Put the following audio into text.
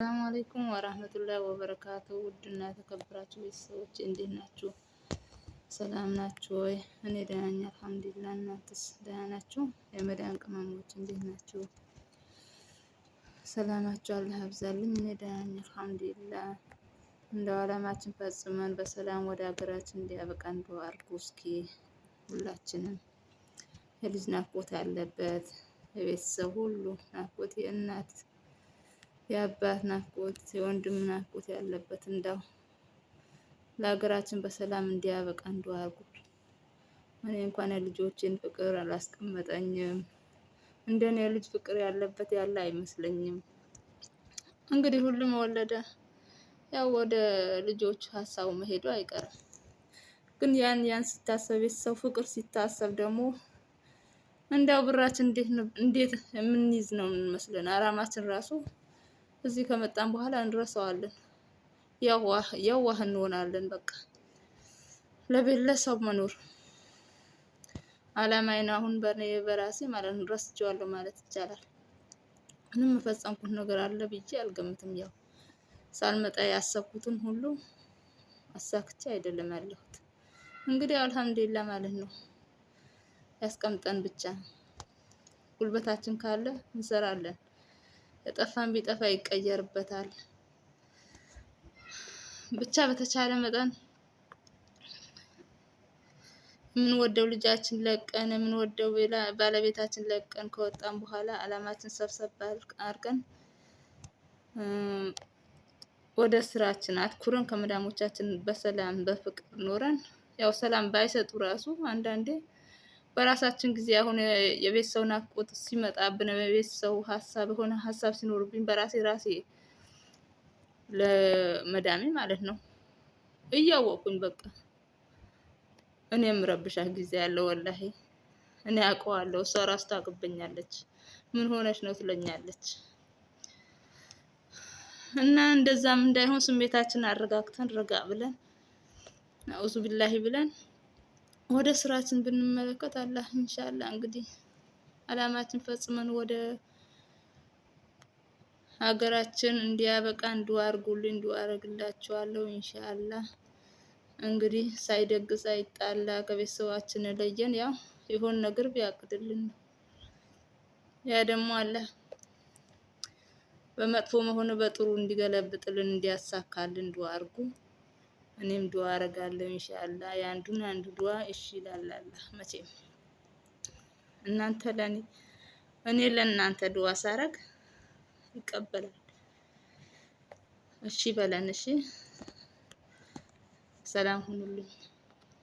ሰላም አለይኩም ወራህመቱላሂ ወበረካቱ። ውድና የተከበራችሁ ቤተሰቦች እንዴት ናችሁ? ሰላም ናችሁ ወይ? እኔ ደህና ነኝ አልሐምዱሊላህ። እናንተስ ደህና ናችሁ? የመዳን ቅመሞች እንዴት ናችሁ? ሰላማችሁ አላህ ያብዛልኝ። እኔ ደህና ነኝ አልሐምዱሊላህ። እንደው አላማችን ፈጽመን በሰላም ወደ ሀገራችን እንዲያበቃን እንደው አድርጉ እስኪ ሁላችንም። የልጅ ናፍቆት ያለበት የቤተሰብ ሁሉ ናፍቆት የእናት የአባት ናፍቆት የወንድም ናፍቆት ያለበት እንዳው ለሀገራችን በሰላም እንዲያበቃ እንዱ አርጉ እኔ እንኳን የልጆችን ፍቅር አላስቀመጠኝም። እንደኔ የልጅ ፍቅር ያለበት ያለ አይመስለኝም። እንግዲህ ሁሉም ወለደ ያው ወደ ልጆቹ ሀሳቡ መሄዱ አይቀርም። ግን ያን ያን ሲታሰብ የሰው ፍቅር ሲታሰብ ደግሞ እንዳው ብራችን እንዴት የምንይዝ ነው የምንመስለን አራማችን ራሱ እዚህ ከመጣን በኋላ እንረሳዋለን። የዋህ እንሆናለን። በቃ ለቤለሰብ መኖር አላማይን አሁን በራሴ ማለት ነው ረስቼዋለሁ ማለት ይቻላል። ምንም የፈጸምኩት ነገር አለ ብዬ አልገምትም። ያው ሳልመጣ ያሰብኩትን ሁሉ አሳክቼ አይደለም ያለሁት። እንግዲህ አልሐምዱሊላ ማለት ነው። ያስቀምጠን ብቻ ጉልበታችን ካለ እንሰራለን። የጠፋን ቢጠፋ ይቀየርበታል። ብቻ በተቻለ መጠን የምንወደው ልጃችን ለቀን የምንወደው ባለቤታችን ለቀን ከወጣን በኋላ አላማችን ሰብሰብ አድርገን ወደ ስራችን አትኩረን ከመዳሞቻችን በሰላም በፍቅር ኖረን ያው ሰላም ባይሰጡ ራሱ አንዳንዴ በራሳችን ጊዜ አሁን የቤተሰው ናፍቆት ሲመጣብን የቤተሰው ሀሳብ የሆነ ሀሳብ ሲኖርብኝ በራሴ ራሴ ለመዳሜ ማለት ነው እያወቁኝ በቃ እኔ የምረብሻት ጊዜ ያለው ወላሂ እኔ አውቀዋለሁ። እሷ ራስ ታውቅብኛለች። ምን ሆነች ነው ትለኛለች። እና እንደዛም እንዳይሆን ስሜታችን አረጋግተን ረጋ ብለን አውዙ ቢላሂ ብለን ወደ ስራችን ብንመለከት አላህ እንሻላ እንግዲህ አላማችን ፈጽመን ወደ ሀገራችን እንዲያበቃ እንዱአ አድርጉልኝ፣ እንዱአ እንግዲህ ሳይደግስ አይጣላ ከቤተሰባችን ለየን። ያው የሆን ነገር ቢያቅድልን ያ ደግሞ አለ በመጥፎ መሆኑ በጥሩ እንዲገለብጥልን እንዲያሳካልን እንዲዋርጉ እኔም ዱዋ አረጋለሁ ኢንሻአላ። የአንዱን አንዱ ዱዋ እሺ ይላላላ መቼም እናንተ ለኔ እኔ ለእናንተ ዱዋ ሳረግ ይቀበላል። እሺ በለን እሺ። ሰላም ሁኑልኝ።